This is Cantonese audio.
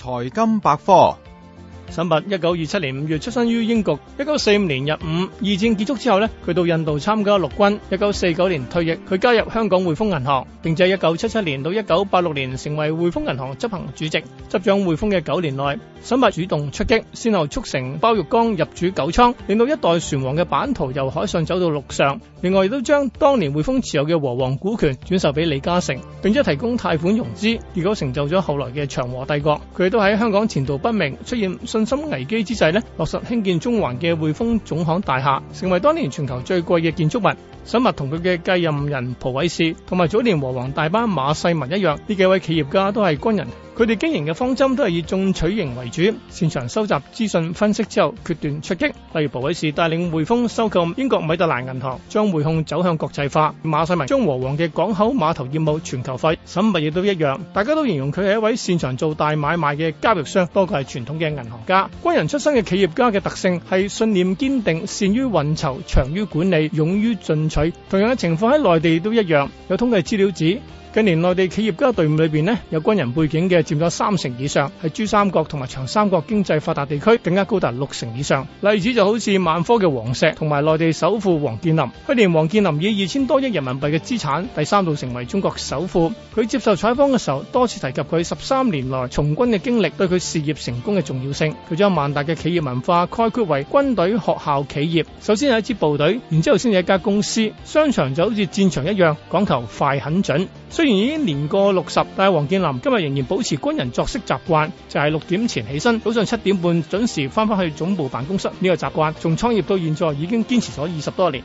財金百科。沈弼一九二七年五月出生於英國，一九四五年入伍，二戰結束之後咧，佢到印度參加陸軍。一九四九年退役，佢加入香港滙豐銀行，並且一九七七年到一九八六年成為滙豐銀行執行主席，執掌滙豐嘅九年內，沈弼主動出擊，先後促成包玉剛入主九倉，令到一代船王嘅版圖由海上走到陸上。另外亦都將當年滙豐持有嘅和黃股權轉售俾李嘉誠，並且提供貸款融資，結果成就咗後來嘅長和帝國。佢都喺香港前途不明出現信心危機之際咧，落實興建中環嘅匯豐總行大廈，成為當年全球最貴嘅建築物。沈弼同佢嘅繼任人蒲偉士，同埋早年和黃大班馬世民一樣，呢幾位企業家都係軍人。佢哋經營嘅方針都係以眾取型為主，擅長收集資訊分析之後決斷出擊。例如蒲偉士帶領匯豐收購英國米德蘭銀行，將匯控走向國際化。馬世民將和黃嘅港口碼頭業務全球化。沈弼亦都一樣，大家都形容佢係一位擅長做大買賣嘅交易商，多過係傳統嘅銀行。軍人出身嘅企業家嘅特性係信念堅定、善於運籌、長於管理、勇於進取。同樣嘅情況喺內地都一樣，有統計資料指。近年內地企業家隊伍裏邊呢，有軍人背景嘅佔咗三成以上，係珠三角同埋長三角經濟發達地區更加高達六成以上。例子，就好似萬科嘅王石同埋內地首富王健林。去年王健林以二千多億人民幣嘅資產，第三度成為中國首富。佢接受採訪嘅時候，多次提及佢十三年來從軍嘅經歷對佢事業成功嘅重要性。佢將萬達嘅企業文化概括為軍隊、學校、企業。首先係一支部隊，然之後先有一家公司。商場就好似戰場一樣，講求快、狠準。雖然已經年過六十，但係王健林今日仍然保持軍人作息習慣，就係、是、六點前起身，早上七點半準時翻返去總部辦公室呢、這個習慣從創業到現在已經堅持咗二十多年。